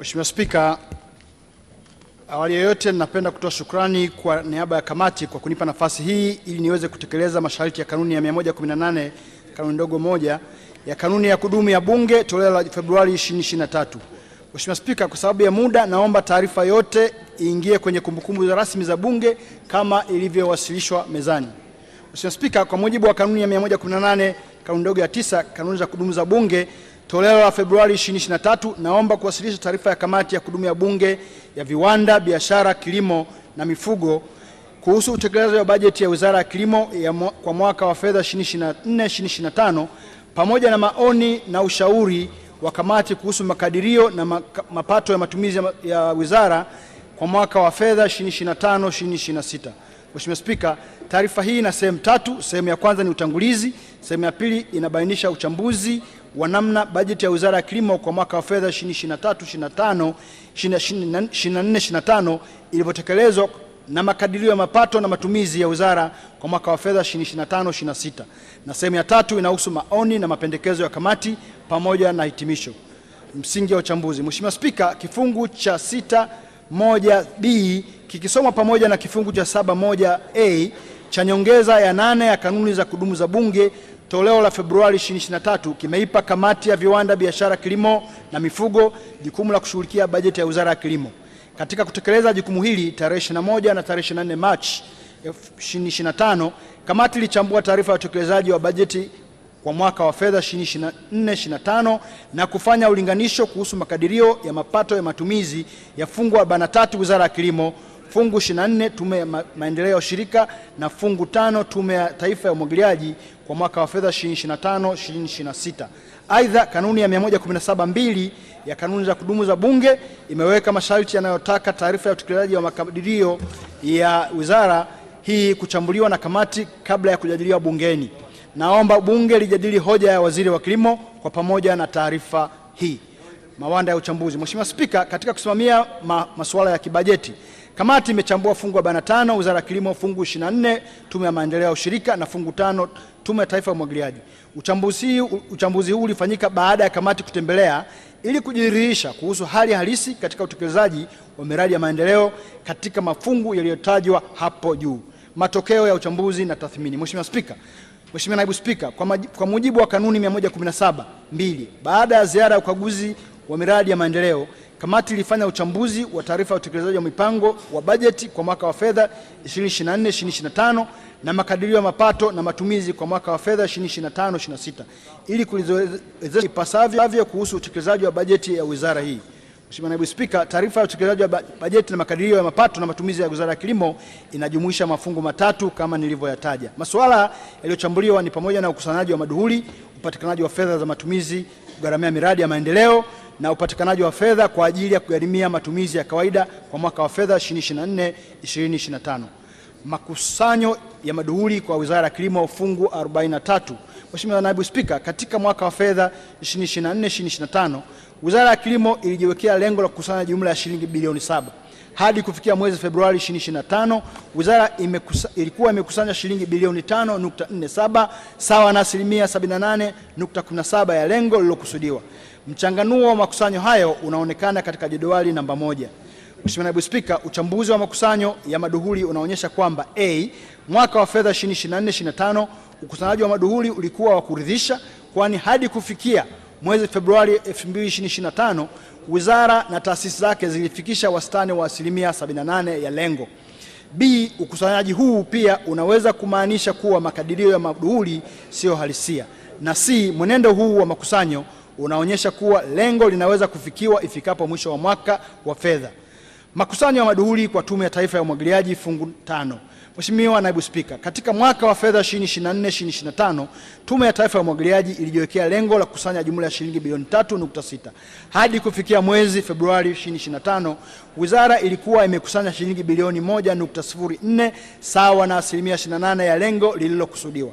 Mheshimiwa Spika, awali ya yote ninapenda kutoa shukrani kwa niaba ya kamati kwa kunipa nafasi hii ili niweze kutekeleza masharti ya kanuni ya 118 kanuni ndogo moja ya kanuni ya kudumu ya Bunge toleo la Februari 2023. Mheshimiwa Spika, kwa sababu ya muda, naomba taarifa yote iingie kwenye kumbukumbu za rasmi za Bunge kama ilivyowasilishwa mezani. Mheshimiwa Spika, kwa mujibu wa kanuni ya 118 kanuni ndogo ya tisa kanuni za kudumu za Bunge toleo la Februari 2023, naomba kuwasilisha taarifa ya kamati ya kudumu ya Bunge ya Viwanda, Biashara, Kilimo na Mifugo kuhusu utekelezaji wa bajeti ya Wizara ya Kilimo ya mwa, kwa mwaka wa fedha 2024 2025 pamoja na maoni na ushauri wa kamati kuhusu makadirio na mapato ya matumizi ya wizara kwa mwaka wa fedha 2025 2026. Mheshimiwa Spika, taarifa hii ina sehemu tatu. Sehemu ya kwanza ni utangulizi, sehemu ya pili inabainisha uchambuzi wa namna bajeti ya Wizara ya Kilimo kwa mwaka wa fedha 2023 2024 2025 ilivyotekelezwa na makadirio ya mapato na matumizi ya wizara kwa mwaka wa fedha 2025 2026 na sehemu ya tatu inahusu maoni na mapendekezo ya kamati pamoja na hitimisho. Msingi wa uchambuzi. Mheshimiwa Spika, kifungu cha 6.1b kikisomwa pamoja na kifungu cha 7.1a cha nyongeza ya nane ya kanuni za kudumu za Bunge toleo la Februari 2023 kimeipa kamati ya viwanda, biashara, kilimo na mifugo jukumu la kushughulikia bajeti ya Wizara ya Kilimo. Katika kutekeleza jukumu hili, tarehe 21 na tarehe 24 Machi 2025 kamati ilichambua taarifa ya utekelezaji wa bajeti kwa mwaka wa fedha 2024 na kufanya ulinganisho kuhusu makadirio ya mapato ya matumizi ya fungu 43 Wizara ya Kilimo fungu 24 tume ya maendeleo ya ushirika na fungu tano tume ya taifa ya umwagiliaji kwa mwaka wa fedha 2025 2026. Aidha, kanuni ya 117.2 ya kanuni za kudumu za Bunge imeweka masharti yanayotaka taarifa ya utekelezaji wa makadirio ya wizara hii kuchambuliwa na kamati kabla ya kujadiliwa bungeni. Naomba bunge lijadili hoja ya waziri wa kilimo kwa pamoja na taarifa hii. Mawanda ya uchambuzi. Mheshimiwa Spika, katika kusimamia ma masuala ya kibajeti Kamati imechambua fungu 45 Wizara ya Kilimo, fungu 24 Tume ya Maendeleo ya Ushirika na fungu tano Tume ya Taifa ya Umwagiliaji. Uchambuzi, uchambuzi huu ulifanyika baada ya kamati kutembelea ili kujiridhisha kuhusu hali halisi katika utekelezaji wa miradi ya maendeleo katika mafungu yaliyotajwa hapo juu. Matokeo ya uchambuzi na tathmini. Mheshimiwa Spika, Mheshimiwa Naibu Spika, kwa, kwa mujibu wa kanuni 117 mbili, baada ya ziara ya ukaguzi wa miradi ya maendeleo Kamati ilifanya uchambuzi wa taarifa ya utekelezaji wa mipango wa bajeti kwa mwaka wa fedha 2024/2025 na makadirio ya mapato na matumizi kwa mwaka wa fedha 2025/2026 ili kulizoelezea ipasavyo kuhusu utekelezaji wa bajeti ya wizara hii. Mheshimiwa Naibu Spika, taarifa ya utekelezaji wa bajeti na makadirio ya mapato na matumizi ya Wizara ya Kilimo inajumuisha mafungu matatu kama nilivyoyataja. Masuala yaliyochambuliwa ni pamoja na ukusanyaji wa maduhuli, upatikanaji wa fedha za matumizi, kugharamia miradi ya maendeleo na upatikanaji wa fedha kwa ajili ya kugharimia matumizi ya kawaida kwa mwaka wa fedha 2024 2025. Makusanyo ya maduhuli kwa Wizara ya Kilimo fungu 43. Mheshimiwa Naibu Spika, katika mwaka wa fedha 2024 2025 Wizara ya Kilimo ilijiwekea lengo la kukusanya jumla ya shilingi bilioni saba. Hadi kufikia mwezi Februari 2025 wizara imekusa, ilikuwa imekusanya shilingi bilioni 5.47 sawa na asilimia 78.17 ya lengo lililokusudiwa. Mchanganuo wa makusanyo hayo unaonekana katika jedwali namba moja. Mheshimiwa Naibu Spika, uchambuzi wa makusanyo ya maduhuli unaonyesha kwamba a mwaka wa fedha 2024/25 ukusanyaji wa maduhuli ulikuwa wa kuridhisha, kwani hadi kufikia mwezi Februari 2025 wizara na taasisi zake zilifikisha wastani wa asilimia 78 ya lengo. B, ukusanyaji huu pia unaweza kumaanisha kuwa makadirio ya maduhuli siyo halisia. Na C, mwenendo huu wa makusanyo unaonyesha kuwa lengo linaweza kufikiwa ifikapo mwisho wa mwaka wa fedha. Makusanyo ya maduhuli kwa Tume ya Taifa ya Umwagiliaji, fungu tano. Mheshimiwa Naibu Spika, katika mwaka wa fedha 2024/2025 Tume ya Taifa ya Umwagiliaji ilijiwekea lengo la kukusanya jumla ya shilingi bilioni 3.6. Hadi kufikia mwezi Februari 2025, wizara ilikuwa imekusanya shilingi bilioni 1.04 sawa na asilimia 28 ya lengo lililokusudiwa.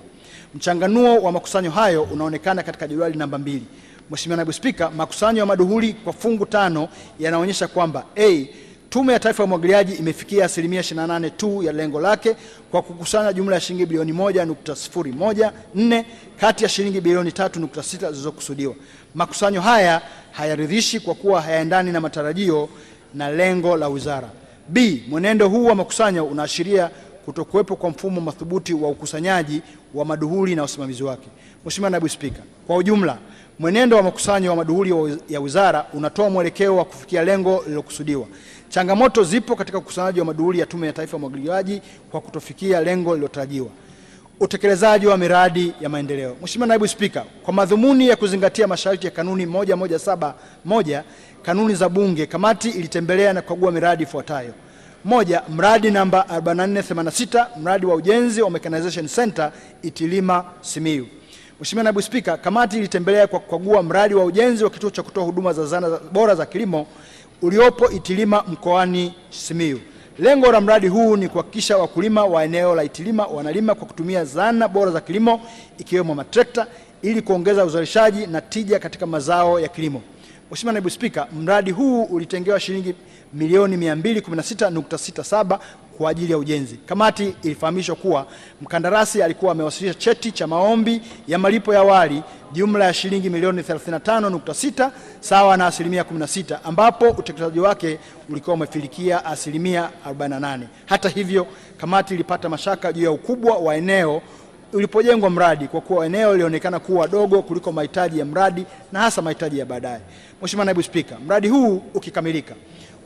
Mchanganuo wa makusanyo hayo unaonekana katika jedwali namba mbili. Mheshimiwa Naibu Spika, makusanyo ya maduhuli kwa fungu tano yanaonyesha kwamba a Tume ya Taifa ya Umwagiliaji imefikia asilimia 28 tu ya lengo lake kwa kukusanya jumla ya shilingi bilioni 1.014 kati ya shilingi bilioni 3.6 zilizokusudiwa. Makusanyo haya hayaridhishi kwa kuwa hayaendani na matarajio na lengo la wizara. B, mwenendo huu wa makusanyo unaashiria kutokuwepo kwa mfumo madhubuti wa ukusanyaji wa maduhuli na usimamizi wake. Mheshimiwa Naibu Spika, kwa ujumla Mwenendo wa makusanyo wa maduhuli ya wizara unatoa mwelekeo wa kufikia lengo lililokusudiwa. Changamoto zipo katika ukusanyaji wa maduhuli ya Tume ya Taifa ya Umwagiliaji kwa kutofikia lengo lililotarajiwa. Utekelezaji wa miradi ya maendeleo. Mheshimiwa Naibu Spika, kwa madhumuni ya kuzingatia masharti ya kanuni moja kanuni za Bunge, kamati ilitembelea na kukagua miradi ifuatayo: moja, mradi namba 4486 mradi wa ujenzi wa Mechanization Center Itilima Simiyu. Mheshimiwa Naibu Spika, kamati ilitembelea kwa kukagua mradi wa ujenzi wa kituo cha kutoa huduma za zana bora za kilimo uliopo Itilima mkoani Simiyu. Lengo la mradi huu ni kuhakikisha wakulima wa eneo la Itilima wanalima kwa kutumia zana bora za kilimo ikiwemo matrekta ili kuongeza uzalishaji na tija katika mazao ya kilimo. Mheshimiwa Naibu Spika, mradi huu ulitengewa shilingi milioni 216.67 kwa ajili ya ujenzi. Kamati ilifahamishwa kuwa mkandarasi alikuwa amewasilisha cheti cha maombi ya malipo ya awali jumla ya shilingi milioni 35.6 sawa na asilimia 16, ambapo utekelezaji wake ulikuwa umefilikia asilimia 48. Hata hivyo, kamati ilipata mashaka juu ya ukubwa wa eneo ulipojengwa mradi kwa kuwa eneo lilionekana kuwa dogo kuliko mahitaji ya mradi na hasa mahitaji ya baadaye. Mheshimiwa Naibu Spika, mradi huu ukikamilika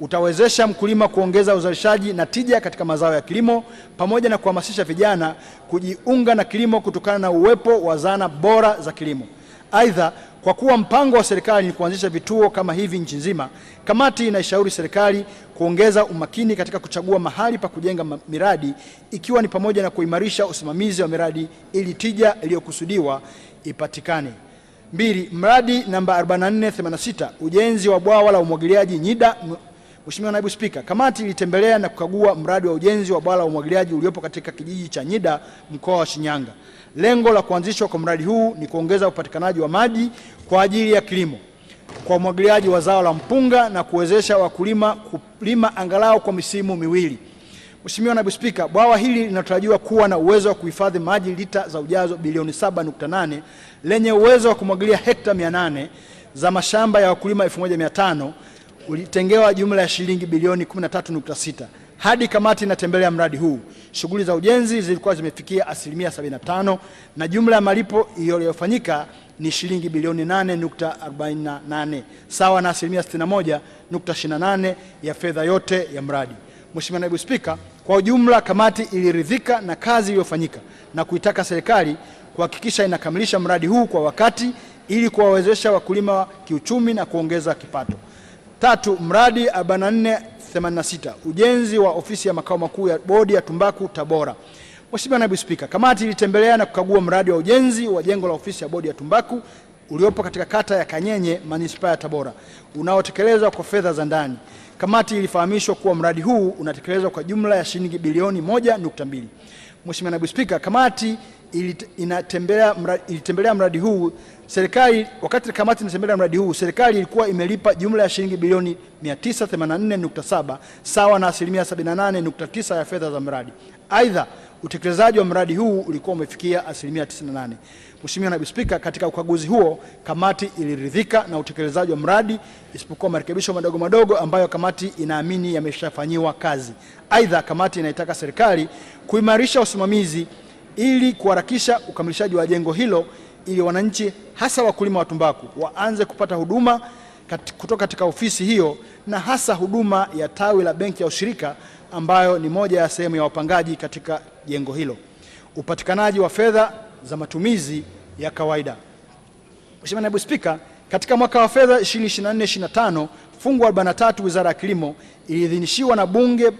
utawezesha mkulima kuongeza uzalishaji na tija katika mazao ya kilimo pamoja na kuhamasisha vijana kujiunga na kilimo kutokana na uwepo wa zana bora za kilimo. Aidha, kwa kuwa mpango wa serikali ni kuanzisha vituo kama hivi nchi nzima, kamati inaishauri serikali kuongeza umakini katika kuchagua mahali pa kujenga miradi ikiwa ni pamoja na kuimarisha usimamizi wa miradi ili tija iliyokusudiwa ipatikane. Mbili, mradi namba 4486 ujenzi wa bwawa la umwagiliaji Nyida Mheshimiwa Naibu Spika, kamati ilitembelea na kukagua mradi wa ujenzi wa bwawa la umwagiliaji uliopo katika kijiji cha Nyida mkoa wa Shinyanga. Lengo la kuanzishwa kwa mradi huu ni kuongeza upatikanaji wa maji kwa ajili ya kilimo kwa umwagiliaji wa zao la mpunga na kuwezesha wakulima kulima angalau kwa misimu miwili. Mheshimiwa Naibu Spika, bwawa hili linatarajiwa kuwa na uwezo wa kuhifadhi maji lita za ujazo bilioni 7.8 lenye uwezo wa kumwagilia hekta 800 za mashamba ya wakulima 1500 ulitengewa jumla ya shilingi bilioni 13.6. Hadi kamati inatembelea mradi huu, shughuli za ujenzi zilikuwa zimefikia asilimia 75 na jumla ya malipo yaliyofanyika ni shilingi bilioni 8.48 sawa na asilimia 61.28 ya fedha yote ya mradi. Mheshimiwa Naibu Spika, kwa ujumla kamati iliridhika na kazi iliyofanyika na kuitaka serikali kuhakikisha inakamilisha mradi huu kwa wakati ili kuwawezesha wakulima kiuchumi na kuongeza kipato. Tatu, mradi 4486 ujenzi wa ofisi ya makao makuu ya bodi ya tumbaku Tabora. Mheshimiwa Naibu Spika, kamati ilitembelea na kukagua mradi wa ujenzi wa jengo la ofisi ya bodi ya tumbaku uliopo katika kata ya Kanyenye, manispaa ya Tabora, unaotekelezwa kwa fedha za ndani. Kamati ilifahamishwa kuwa mradi huu unatekelezwa kwa jumla ya shilingi bilioni 1.2. Mheshimiwa Naibu Spika, kamati ilitembelea mradi, ilitembelea mradi huu Serikali wakati kamati inasemea mradi huu, serikali ilikuwa imelipa jumla ya shilingi bilioni 984.7 sawa na asilimia 78.9 ya fedha za mradi. Aidha, utekelezaji wa mradi huu ulikuwa umefikia asilimia 98. Mheshimiwa Naibu Spika, katika ukaguzi huo kamati iliridhika na utekelezaji wa mradi isipokuwa marekebisho madogo madogo ambayo kamati inaamini yameshafanyiwa kazi. Aidha, kamati inaitaka serikali kuimarisha usimamizi ili kuharakisha ukamilishaji wa jengo hilo ili wananchi hasa wakulima wa tumbaku waanze kupata huduma kutoka katika ofisi hiyo na hasa huduma ya tawi la benki ya ushirika ambayo ni moja ya sehemu ya wapangaji katika jengo hilo. Upatikanaji wa fedha za matumizi ya kawaida. Mheshimiwa Naibu Spika, katika mwaka wa fedha 2024/2025 fungu 43 Wizara ya Kilimo iliidhinishiwa na Bunge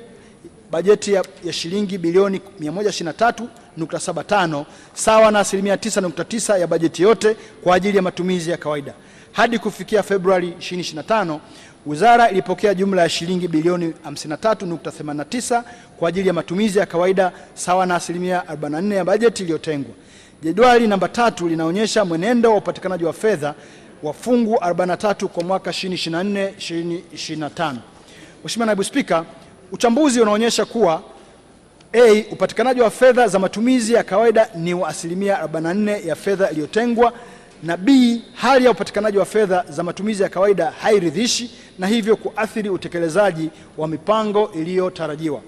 bajeti ya, ya shilingi bilioni 123.75 sawa na asilimia 9.9 ya bajeti yote kwa ajili ya matumizi ya kawaida. Hadi kufikia Februari 2025, wizara ilipokea jumla ya shilingi bilioni 53.89 kwa ajili ya matumizi ya kawaida sawa na asilimia 44 ya bajeti iliyotengwa. Jedwali namba tatu linaonyesha mwenendo wa upatikanaji wa fedha wa fungu 43 kwa mwaka 2024 2025. Mheshimiwa Naibu Spika, Uchambuzi unaonyesha kuwa a upatikanaji wa fedha za matumizi ya kawaida ni wa asilimia 44 ya fedha iliyotengwa, na b hali ya upatikanaji wa fedha za matumizi ya kawaida hairidhishi na hivyo kuathiri utekelezaji wa mipango iliyotarajiwa.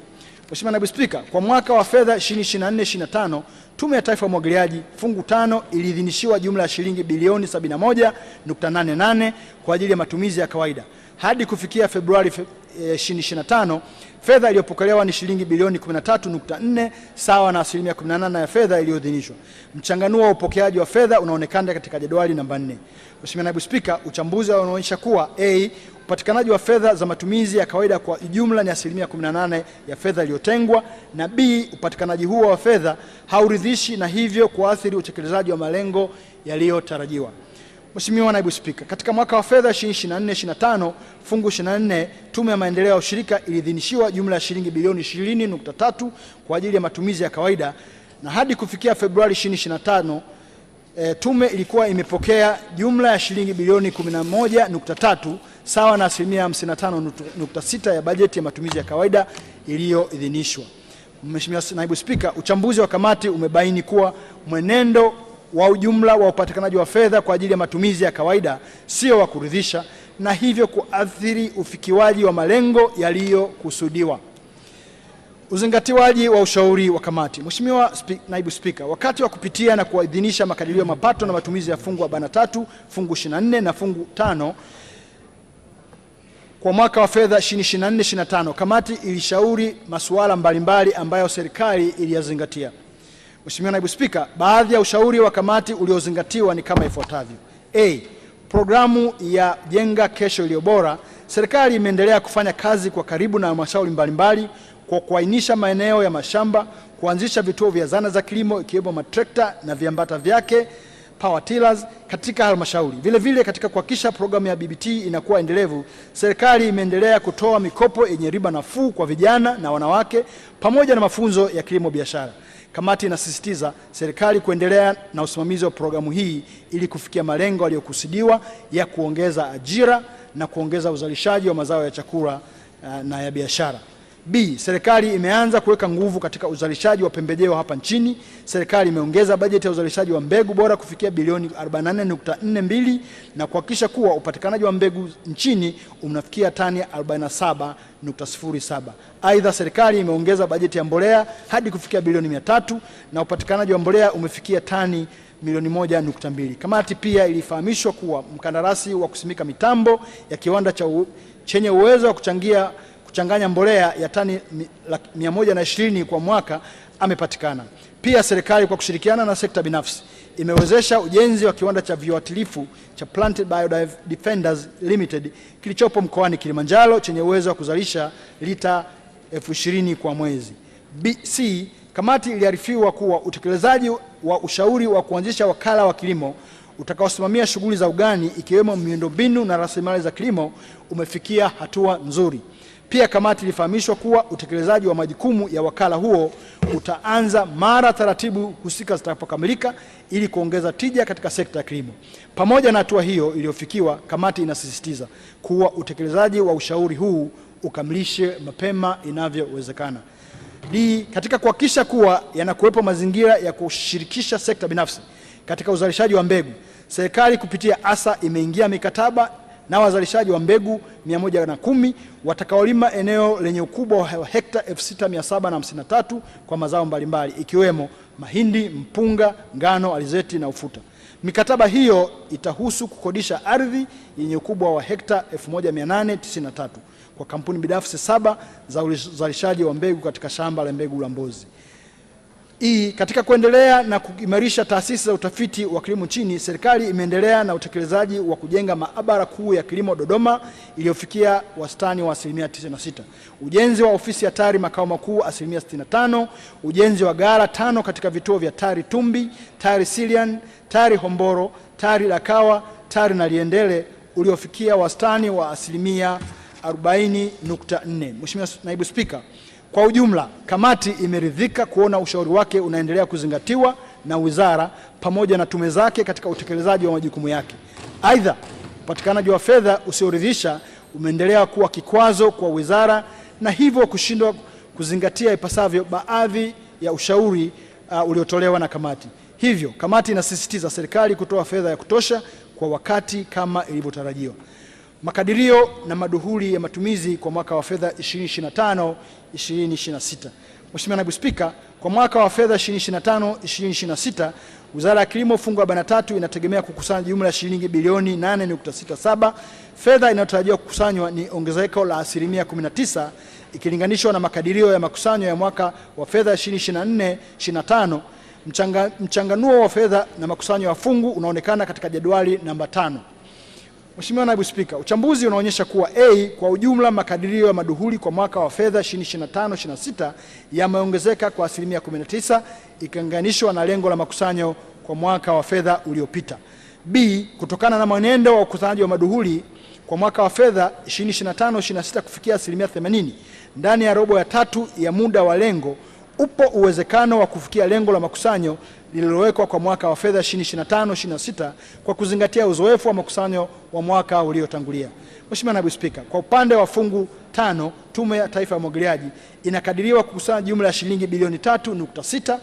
Mheshimiwa Naibu Spika, kwa mwaka wa fedha 2024 2025 Tume ya Taifa ya Umwagiliaji fungu tano iliidhinishiwa jumla ya shilingi bilioni 71.88 kwa ajili ya matumizi ya kawaida hadi kufikia Februari 2025 eh, fedha iliyopokelewa ni shilingi bilioni 13.4 sawa na asilimia 18 ya fedha iliyoidhinishwa. Mchanganuo wa upokeaji wa fedha unaonekana katika jedwali namba 4. Mheshimiwa Naibu Spika, uchambuzi unaonyesha kuwa a upatikanaji wa fedha za matumizi ya kawaida kwa jumla ni asilimia 18 ya fedha iliyotengwa, na b upatikanaji huo wa fedha hauridhishi na hivyo kuathiri utekelezaji wa malengo yaliyotarajiwa. Mheshimiwa Naibu Spika, katika mwaka wa fedha 2024 2025 fungu 24 Tume ya Maendeleo ya Ushirika iliidhinishiwa jumla ya shilingi bilioni 20.3 kwa ajili ya matumizi ya kawaida na hadi kufikia Februari 2025 e, eh, tume ilikuwa imepokea jumla ya shilingi bilioni 11.3 sawa na asilimia 55.6 ya bajeti ya matumizi ya kawaida iliyoidhinishwa. Mheshimiwa Naibu Spika, uchambuzi wa kamati umebaini kuwa mwenendo wa ujumla wa upatikanaji wa fedha kwa ajili ya matumizi ya kawaida sio wa kuridhisha na hivyo kuathiri ufikiwaji wa malengo yaliyokusudiwa. Uzingatiwaji wa ushauri wa kamati. Mheshimiwa naibu Spika, wakati wa kupitia na kuidhinisha makadirio ya mapato na matumizi ya fungu 43, fungu 24 na fungu 5 kwa mwaka wa fedha 2024/2025 kamati ilishauri masuala mbalimbali ambayo serikali iliyazingatia. Mheshimiwa Naibu Spika, baadhi ya ushauri wa kamati uliozingatiwa ni kama ifuatavyo. A. Programu ya Jenga Kesho Iliyo Bora. Serikali imeendelea kufanya kazi kwa karibu na halmashauri mbalimbali kwa kuainisha maeneo ya mashamba, kuanzisha vituo vya zana za kilimo ikiwemo matrekta na viambata vyake power tillers katika halmashauri. Vile vile katika kuhakikisha programu ya BBT inakuwa endelevu, serikali imeendelea kutoa mikopo yenye riba nafuu kwa vijana na wanawake pamoja na mafunzo ya kilimo biashara. Kamati inasisitiza serikali kuendelea na usimamizi wa programu hii ili kufikia malengo yaliyokusudiwa ya kuongeza ajira na kuongeza uzalishaji wa mazao ya chakula eh, na ya biashara. B. Serikali imeanza kuweka nguvu katika uzalishaji wa pembejeo hapa nchini. Serikali imeongeza bajeti ya uzalishaji wa mbegu bora kufikia bilioni 44.42 na kuhakikisha kuwa upatikanaji wa mbegu nchini unafikia tani 47.07. Aidha, serikali imeongeza bajeti ya mbolea hadi kufikia bilioni 300 na upatikanaji wa mbolea umefikia tani milioni moja nukta mbili. Kamati pia ilifahamishwa kuwa mkandarasi wa kusimika mitambo ya kiwanda cha u, chenye uwezo wa kuchangia kuchanganya mbolea ya tani 120 kwa mwaka amepatikana. Pia serikali kwa kushirikiana na sekta binafsi imewezesha ujenzi wa kiwanda cha viuatilifu cha Plant Biodefenders Limited kilichopo mkoani Kilimanjaro chenye uwezo wa kuzalisha lita elfu ishirini kwa mwezi. BC kamati iliarifiwa kuwa utekelezaji wa ushauri wa kuanzisha wakala wa kilimo utakaosimamia shughuli za ugani ikiwemo miundombinu na rasilimali za kilimo umefikia hatua nzuri. Pia kamati ilifahamishwa kuwa utekelezaji wa majukumu ya wakala huo utaanza mara taratibu husika zitakapokamilika ili kuongeza tija katika sekta ya kilimo. Pamoja na hatua hiyo iliyofikiwa, kamati inasisitiza kuwa utekelezaji wa ushauri huu ukamilishe mapema inavyowezekana. di katika kuhakikisha kuwa yanakuwepo mazingira ya kushirikisha sekta binafsi katika uzalishaji wa mbegu, serikali kupitia ASA imeingia mikataba na wazalishaji wa mbegu 110 watakaolima eneo lenye ukubwa wa hekta 6753 kwa mazao mbalimbali ikiwemo mahindi, mpunga, ngano, alizeti na ufuta. Mikataba hiyo itahusu kukodisha ardhi yenye ukubwa wa hekta 1893 kwa kampuni binafsi saba za uzalishaji wa mbegu katika shamba la mbegu la Mbozi hii katika kuendelea na kuimarisha taasisi za utafiti wa kilimo nchini, serikali imeendelea na utekelezaji wa kujenga maabara kuu ya kilimo Dodoma iliyofikia wastani wa asilimia 96, ujenzi wa ofisi ya TARI makao makuu asilimia 65, ujenzi wa ghala tano katika vituo vya TARI Tumbi, TARI Silian, TARI Homboro, TARI Dakawa, TARI Naliendele uliofikia wastani wa asilimia 40.4. Mheshimiwa Naibu Spika, kwa ujumla, kamati imeridhika kuona ushauri wake unaendelea kuzingatiwa na wizara pamoja na tume zake katika utekelezaji wa majukumu yake. Aidha, upatikanaji wa fedha usioridhisha umeendelea kuwa kikwazo kwa wizara na hivyo kushindwa kuzingatia ipasavyo baadhi ya ushauri uh, uliotolewa na kamati. Hivyo kamati inasisitiza serikali kutoa fedha ya kutosha kwa wakati kama ilivyotarajiwa makadirio na maduhuli ya matumizi kwa mwaka wa fedha 2025 2026. Mheshimiwa Naibu Spika, kwa mwaka wa fedha 2025 2026 Wizara ya Kilimo fungu la 43 inategemea kukusanya jumla ya shilingi bilioni 8.67. Fedha inayotarajiwa kukusanywa ni ongezeko la asilimia 19 ikilinganishwa na makadirio ya makusanyo ya mwaka wa fedha 2024 25. Mchanga, mchanganuo wa fedha na makusanyo ya fungu unaonekana katika jedwali namba tano. Mheshimiwa Naibu Spika, uchambuzi unaonyesha kuwa a kwa ujumla makadirio ya maduhuli kwa mwaka wa fedha 2025/26 yameongezeka kwa asilimia 19 ikilinganishwa na lengo la makusanyo kwa mwaka wa fedha uliopita. b kutokana na mwenendo wa ukusanyaji wa maduhuli kwa mwaka wa fedha 2025/26 kufikia asilimia 80 ndani ya robo ya tatu ya muda wa lengo, upo uwezekano wa kufikia lengo la makusanyo lililowekwa kwa mwaka wa fedha 2025 26 kwa kuzingatia uzoefu wa makusanyo wa mwaka uliotangulia. Mheshimiwa Naibu Spika, kwa upande wa fungu tano, Tume ya Taifa ya Umwagiliaji inakadiriwa kukusanya jumla ya shilingi bilioni 3.6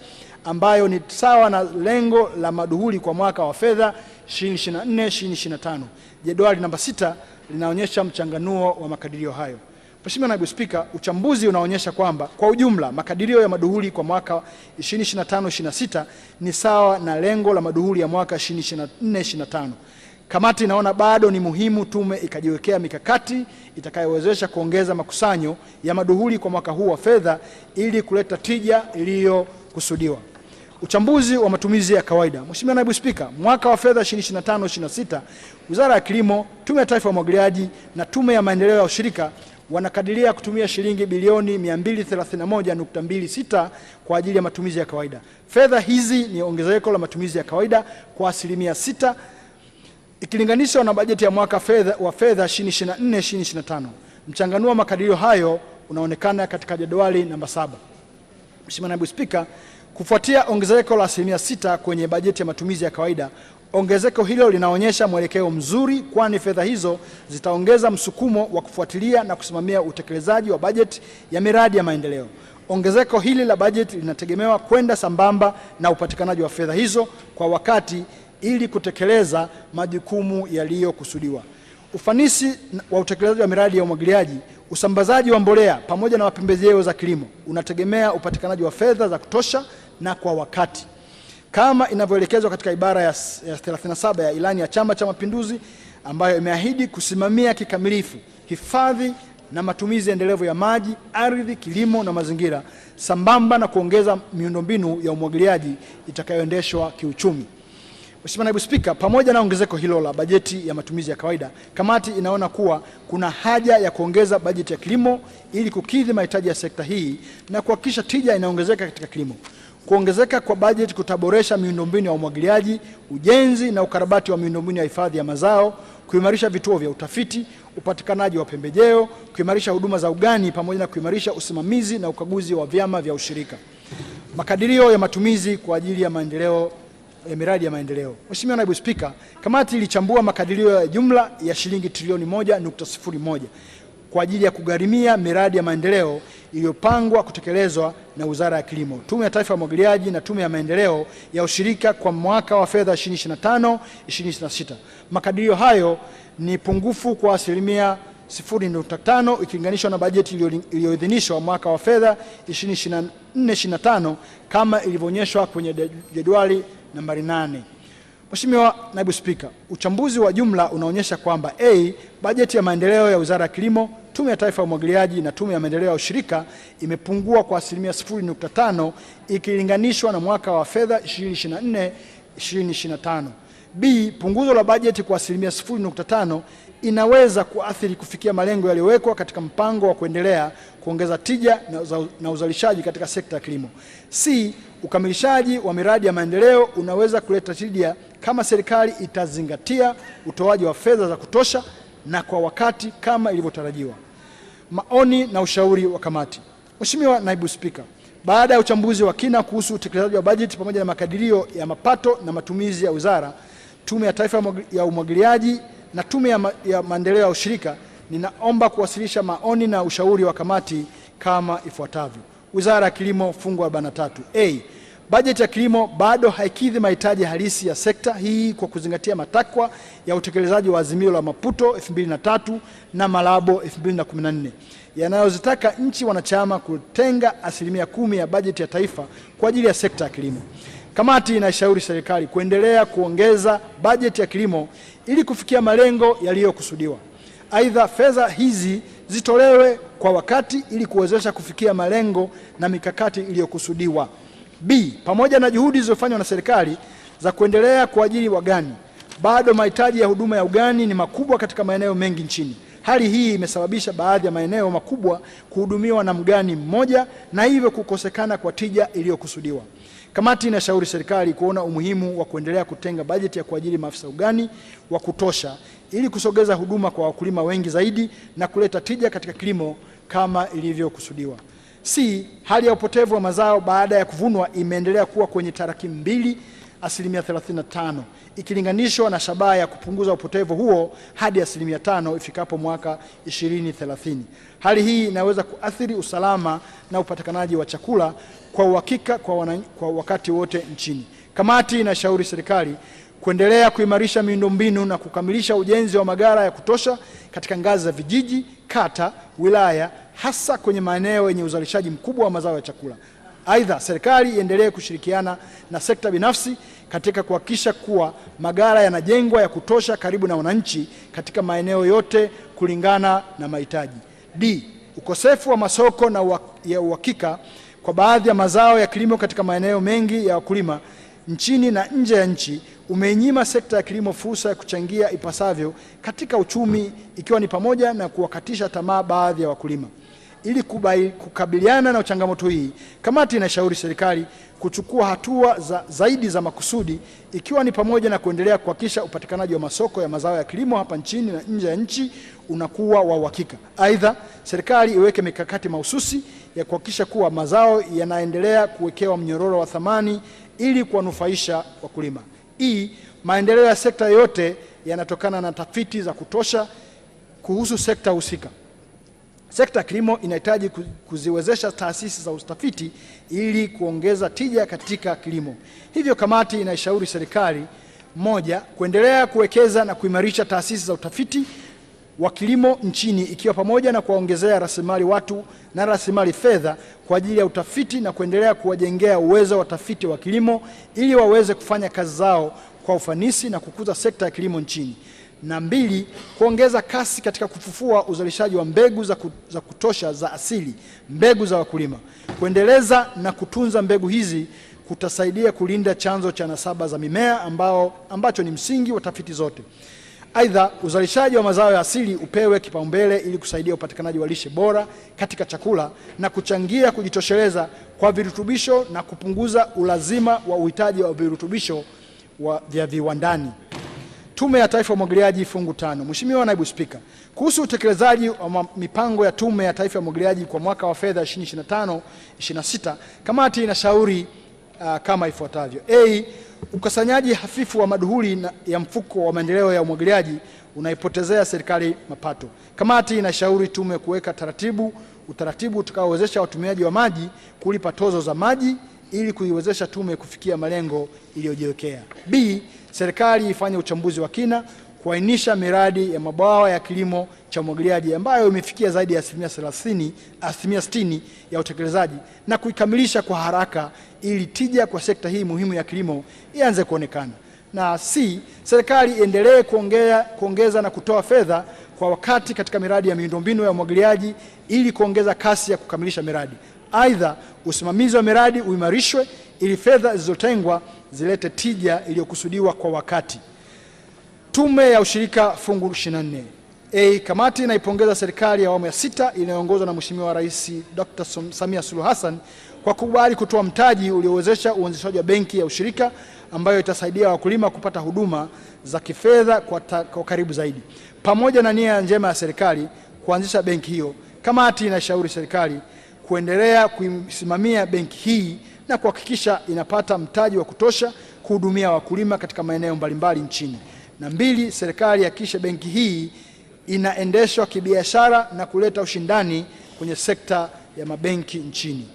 ambayo ni sawa na lengo la maduhuli kwa mwaka wa fedha 2024 2025. Jedwali namba 6 linaonyesha mchanganuo wa makadirio hayo. Mheshimiwa Naibu Spika, uchambuzi unaonyesha kwamba kwa ujumla makadirio ya maduhuli kwa mwaka 2025/26 ni sawa na lengo la maduhuli ya mwaka 2024/25. Kamati inaona bado ni muhimu tume ikajiwekea mikakati itakayowezesha kuongeza makusanyo ya maduhuli kwa mwaka huu wa fedha ili kuleta tija iliyokusudiwa. Uchambuzi wa matumizi ya kawaida. Mheshimiwa Naibu Spika, mwaka wa fedha 2025/26 Wizara ya Kilimo, Tume ya Taifa ya Umwagiliaji na Tume ya Maendeleo ya Ushirika wanakadiria kutumia shilingi bilioni 231.26 kwa ajili ya matumizi ya kawaida. Fedha hizi ni ongezeko la matumizi ya kawaida kwa asilimia 6 ikilinganishwa na bajeti ya mwaka fedha wa fedha 2024 2025. Mchanganuo wa makadirio hayo unaonekana katika jadwali namba saba. Mheshimiwa Naibu Spika, kufuatia ongezeko la asilimia 6 kwenye bajeti ya matumizi ya kawaida, Ongezeko hilo linaonyesha mwelekeo mzuri, kwani fedha hizo zitaongeza msukumo wa kufuatilia na kusimamia utekelezaji wa bajeti ya miradi ya maendeleo. Ongezeko hili la bajeti linategemewa kwenda sambamba na upatikanaji wa fedha hizo kwa wakati ili kutekeleza majukumu yaliyokusudiwa. Ufanisi wa utekelezaji wa miradi ya umwagiliaji, usambazaji wa mbolea pamoja na pembejeo za kilimo unategemea upatikanaji wa fedha za kutosha na kwa wakati kama inavyoelekezwa katika ibara ya 37 ya ilani ya Chama cha Mapinduzi ambayo imeahidi kusimamia kikamilifu hifadhi na matumizi endelevu ya maji, ardhi, kilimo na mazingira sambamba na kuongeza miundombinu ya umwagiliaji itakayoendeshwa kiuchumi. Mheshimiwa Naibu Spika, pamoja na ongezeko hilo la bajeti ya matumizi ya kawaida, kamati inaona kuwa kuna haja ya kuongeza bajeti ya kilimo ili kukidhi mahitaji ya sekta hii na kuhakikisha tija inaongezeka katika kilimo. Kuongezeka kwa bajeti kutaboresha miundombinu ya umwagiliaji, ujenzi na ukarabati wa miundombinu ya hifadhi ya mazao, kuimarisha vituo vya utafiti, upatikanaji wa pembejeo, kuimarisha huduma za ugani pamoja na kuimarisha usimamizi na ukaguzi wa vyama vya ushirika. Makadirio ya matumizi kwa ajili ya maendeleo ya miradi ya maendeleo. Mheshimiwa Naibu Spika, kamati ilichambua makadirio ya jumla ya shilingi trilioni 1.01 kwa ajili ya kugharimia miradi ya maendeleo iliyopangwa kutekelezwa na Wizara ya Kilimo, Tume ya Taifa ya Umwagiliaji na Tume ya Maendeleo ya Ushirika kwa mwaka wa fedha 2025 2026. Makadirio hayo ni pungufu kwa asilimia 0.5 ikilinganishwa na bajeti iliyoidhinishwa mwaka wa fedha 2024 2025 kama ilivyoonyeshwa kwenye jedwali nambari 8. Mheshimiwa Naibu Spika, uchambuzi wa jumla unaonyesha kwamba a bajeti ya maendeleo ya Wizara ya Kilimo, Tume ya Taifa ya Umwagiliaji na Tume ya Maendeleo ya Ushirika imepungua kwa asilimia 0.5 ikilinganishwa na mwaka wa fedha 2024 2025. B punguzo la bajeti kwa asilimia inaweza kuathiri kufikia malengo yaliyowekwa katika mpango wa kuendelea kuongeza tija na uzalishaji katika sekta ya kilimo. C, ukamilishaji wa miradi ya maendeleo unaweza kuleta tija kama serikali itazingatia utoaji wa fedha za kutosha na kwa wakati kama ilivyotarajiwa. Maoni na ushauri wa kamati. Mheshimiwa Naibu Spika, baada ya uchambuzi wa kina kuhusu utekelezaji wa bajeti pamoja na makadirio ya mapato na matumizi ya wizara, Tume ya Taifa ya Umwagiliaji na Tume ya, ma, ya Maendeleo ya Ushirika, ninaomba kuwasilisha maoni na ushauri wa kamati kama ifuatavyo. Wizara ya Kilimo, fungu 43. A. Bajeti ya kilimo bado haikidhi mahitaji halisi ya sekta hii kwa kuzingatia matakwa ya utekelezaji wa azimio la Maputo 2003 na Malabo 2014 yanayozitaka nchi wanachama kutenga asilimia kumi ya bajeti ya taifa kwa ajili ya sekta ya kilimo. Kamati inashauri serikali kuendelea kuongeza bajeti ya kilimo ili kufikia malengo yaliyokusudiwa. Aidha, fedha hizi zitolewe kwa wakati ili kuwezesha kufikia malengo na mikakati iliyokusudiwa. B, pamoja na juhudi zilizofanywa na serikali za kuendelea kuajiri wagani, bado mahitaji ya huduma ya ugani ni makubwa katika maeneo mengi nchini. Hali hii imesababisha baadhi ya maeneo makubwa kuhudumiwa na mgani mmoja na hivyo kukosekana kwa tija iliyokusudiwa. Kamati inashauri serikali kuona umuhimu wa kuendelea kutenga bajeti ya kuajiri maafisa ugani wa kutosha ili kusogeza huduma kwa wakulima wengi zaidi na kuleta tija katika kilimo kama ilivyokusudiwa. C. Hali ya upotevu wa mazao baada ya kuvunwa imeendelea kuwa kwenye tarakimu mbili asilimia 35 ikilinganishwa na shabaha ya kupunguza upotevu huo hadi asilimia tano ifikapo mwaka 2030. Hali hii inaweza kuathiri usalama na upatikanaji wa chakula kwa uhakika kwa, kwa wakati wote nchini. Kamati inashauri serikali kuendelea kuimarisha miundombinu na kukamilisha ujenzi wa magara ya kutosha katika ngazi za vijiji, kata, wilaya, hasa kwenye maeneo yenye uzalishaji mkubwa wa mazao ya chakula. Aidha, serikali iendelee kushirikiana na sekta binafsi katika kuhakikisha kuwa magara yanajengwa ya kutosha karibu na wananchi katika maeneo yote kulingana na mahitaji. D. Ukosefu wa masoko na ya uhakika kwa baadhi ya mazao ya kilimo katika maeneo mengi ya wakulima nchini na nje ya nchi umeinyima sekta ya kilimo fursa ya kuchangia ipasavyo katika uchumi, ikiwa ni pamoja na kuwakatisha tamaa baadhi ya wakulima. Ili kubai, kukabiliana na changamoto hii, kamati inashauri serikali kuchukua hatua za, zaidi za makusudi ikiwa ni pamoja na kuendelea kuhakikisha upatikanaji wa masoko ya mazao ya kilimo hapa nchini na nje ya nchi unakuwa wa uhakika. Aidha, serikali iweke mikakati mahususi ya kuhakikisha kuwa mazao yanaendelea kuwekewa mnyororo wa thamani ili kuwanufaisha wakulima. hii maendeleo ya sekta yote yanatokana na tafiti za kutosha kuhusu sekta husika. Sekta ya kilimo inahitaji kuziwezesha taasisi za utafiti ili kuongeza tija katika kilimo. Hivyo kamati inaishauri serikali: moja, kuendelea kuwekeza na kuimarisha taasisi za utafiti wa kilimo nchini ikiwa pamoja na kuwaongezea rasilimali watu na rasilimali fedha kwa ajili ya utafiti na kuendelea kuwajengea uwezo wa watafiti wa kilimo ili waweze kufanya kazi zao kwa ufanisi na kukuza sekta ya kilimo nchini na mbili, kuongeza kasi katika kufufua uzalishaji wa mbegu za kutosha za asili, mbegu za wakulima. Kuendeleza na kutunza mbegu hizi kutasaidia kulinda chanzo cha nasaba za mimea ambao, ambacho ni msingi wa tafiti zote. Aidha, uzalishaji wa mazao ya asili upewe kipaumbele ili kusaidia upatikanaji wa lishe bora katika chakula na kuchangia kujitosheleza kwa virutubisho na kupunguza ulazima wa uhitaji wa virutubisho wa vya viwandani. Tume ya Taifa ya Umwagiliaji fungu tano. Mheshimiwa Naibu Spika, kuhusu utekelezaji wa mipango ya Tume ya Taifa ya Umwagiliaji kwa mwaka wa fedha 2025 26 kamati inashauri uh, kama ifuatavyo: A, ukusanyaji hafifu wa maduhuli na, ya mfuko wa maendeleo ya umwagiliaji unaipotezea serikali mapato. Kamati inashauri tume kuweka taratibu utaratibu utakaowezesha watumiaji wa maji kulipa tozo za maji ili kuiwezesha tume kufikia malengo iliyojiwekea. B, serikali ifanye uchambuzi wa kina kuainisha miradi ya mabwawa ya kilimo cha umwagiliaji ambayo imefikia zaidi ya asilimia thelathini, asilimia ya utekelezaji na kuikamilisha kwa haraka ili tija kwa sekta hii muhimu ya kilimo ianze kuonekana, na si serikali iendelee kuongeza na kutoa fedha kwa wakati katika miradi ya miundombinu ya umwagiliaji ili kuongeza kasi ya kukamilisha miradi. Aidha, usimamizi wa miradi uimarishwe ili fedha zilizotengwa zilete tija iliyokusudiwa kwa wakati. Tume ya Ushirika fungu 24. A, kamati inaipongeza serikali ya awamu ya sita inayoongozwa na Mheshimiwa Rais Dr. Samia Suluhu Hassan kwa kukubali kutoa mtaji uliowezesha uanzishaji wa benki ya ushirika ambayo itasaidia wakulima kupata huduma za kifedha kwa, kwa karibu zaidi. Pamoja na nia njema ya serikali kuanzisha benki hiyo, kamati inaishauri serikali kuendelea kuisimamia benki hii na kuhakikisha inapata mtaji wa kutosha kuhudumia wakulima katika maeneo mbalimbali nchini. Na mbili, serikali ihakikishe benki hii inaendeshwa kibiashara na kuleta ushindani kwenye sekta ya mabenki nchini.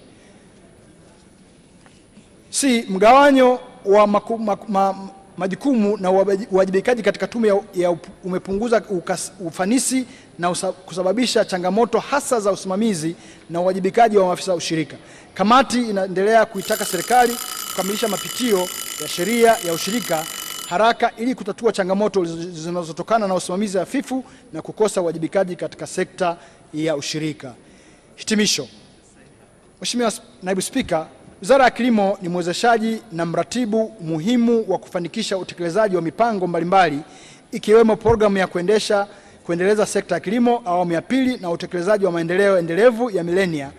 Si mgawanyo wa maku, maku, ma, majukumu na uwajibikaji katika tume ya, ya umepunguza ukas, ufanisi na usa, kusababisha changamoto hasa za usimamizi na uwajibikaji wa maafisa ushirika. Kamati inaendelea kuitaka serikali kukamilisha mapitio ya sheria ya ushirika haraka ili kutatua changamoto zinazotokana na usimamizi hafifu na kukosa uwajibikaji katika sekta ya ushirika. Hitimisho. Mheshimiwa Naibu Spika, Wizara ya Kilimo ni mwezeshaji na mratibu muhimu wa kufanikisha utekelezaji wa mipango mbalimbali ikiwemo programu ya kuendesha kuendeleza sekta ya kilimo awamu ya pili na utekelezaji wa maendeleo endelevu ya milenia,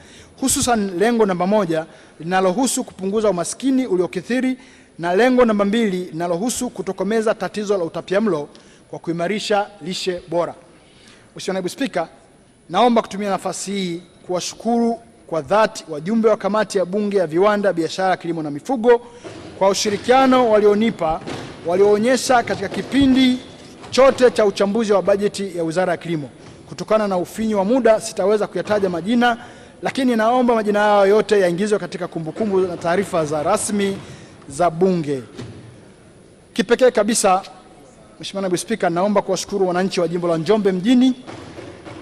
hususan lengo namba moja linalohusu kupunguza umaskini uliokithiri na lengo namba mbili linalohusu kutokomeza tatizo la utapiamlo kwa kuimarisha lishe bora. Mheshimiwa Naibu Spika, naomba kutumia nafasi hii kuwashukuru kwa dhati wajumbe wa kamati ya bunge ya viwanda, biashara, kilimo na mifugo kwa ushirikiano walionipa walioonyesha katika kipindi chote cha uchambuzi wa bajeti ya Wizara ya Kilimo. Kutokana na ufinyu wa muda, sitaweza kuyataja majina, lakini naomba majina hayo yote yaingizwe katika kumbukumbu na taarifa za rasmi za Bunge. Kipekee kabisa, Mheshimiwa Naibu Spika, naomba kuwashukuru wananchi wa jimbo la Njombe mjini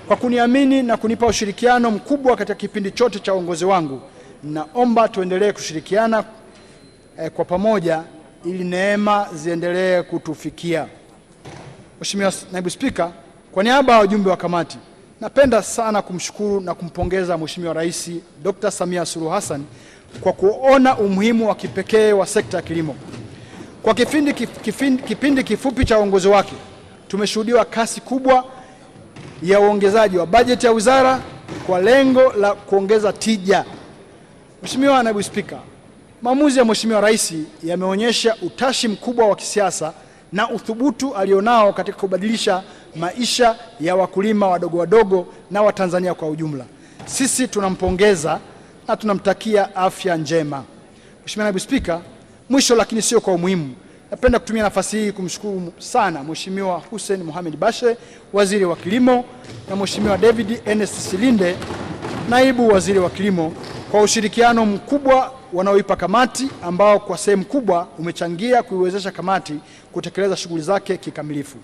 kwa kuniamini na kunipa ushirikiano mkubwa katika kipindi chote cha uongozi wangu. Naomba tuendelee kushirikiana eh, kwa pamoja ili neema ziendelee kutufikia. Mheshimiwa Naibu Spika, kwa niaba ya wajumbe wa kamati, napenda sana kumshukuru na kumpongeza Mheshimiwa Rais Dr. Samia Suluhu Hassan kwa kuona umuhimu wa kipekee wa sekta ya kilimo. Kwa kipindi, kipindi, kipindi kifupi cha uongozi wake tumeshuhudiwa kasi kubwa ya uongezaji wa bajeti ya wizara kwa lengo la kuongeza tija. Mheshimiwa Naibu Spika, maamuzi ya Mheshimiwa Rais yameonyesha utashi mkubwa wa kisiasa na uthubutu alionao katika kubadilisha maisha ya wakulima wadogo wadogo na Watanzania kwa ujumla. Sisi tunampongeza na tunamtakia afya njema. Mheshimiwa Naibu Spika, mwisho lakini sio kwa umuhimu Napenda kutumia nafasi hii kumshukuru sana Mheshimiwa Hussein Mohamed Bashe, Waziri wa Kilimo, na Mheshimiwa David Ernest Silinde, Naibu Waziri wa Kilimo, kwa ushirikiano mkubwa wanaoipa kamati ambao kwa sehemu kubwa umechangia kuiwezesha kamati kutekeleza shughuli zake kikamilifu.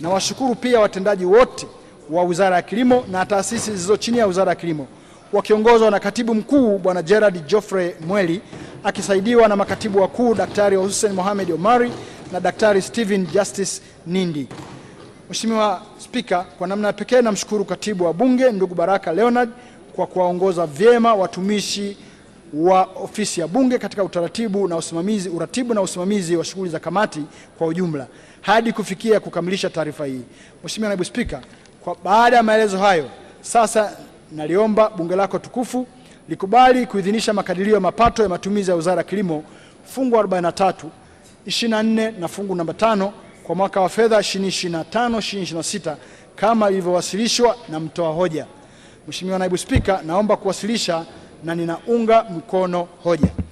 Nawashukuru pia watendaji wote wa Wizara ya Kilimo na taasisi zilizo chini ya Wizara ya Kilimo wakiongozwa na katibu mkuu Bwana Gerard Geoffrey Mweli akisaidiwa na makatibu wakuu Daktari Hussein Mohamed Omari na Daktari Stephen Justice Nindi. Mheshimiwa Spika, kwa namna ya pekee namshukuru katibu wa Bunge ndugu Baraka Leonard kwa kuwaongoza vyema watumishi wa ofisi ya Bunge katika utaratibu na usimamizi, uratibu na usimamizi wa shughuli za kamati kwa ujumla hadi kufikia kukamilisha taarifa hii. Mheshimiwa Naibu Spika, kwa baada ya maelezo hayo sasa naliomba bunge lako tukufu likubali kuidhinisha makadirio ya mapato ya matumizi ya Wizara ya Kilimo fungu 43 24 na fungu namba 5 kwa mwaka wa fedha 2025 2026 kama ilivyowasilishwa na mtoa hoja. Mheshimiwa Naibu Spika, naomba kuwasilisha na ninaunga mkono hoja.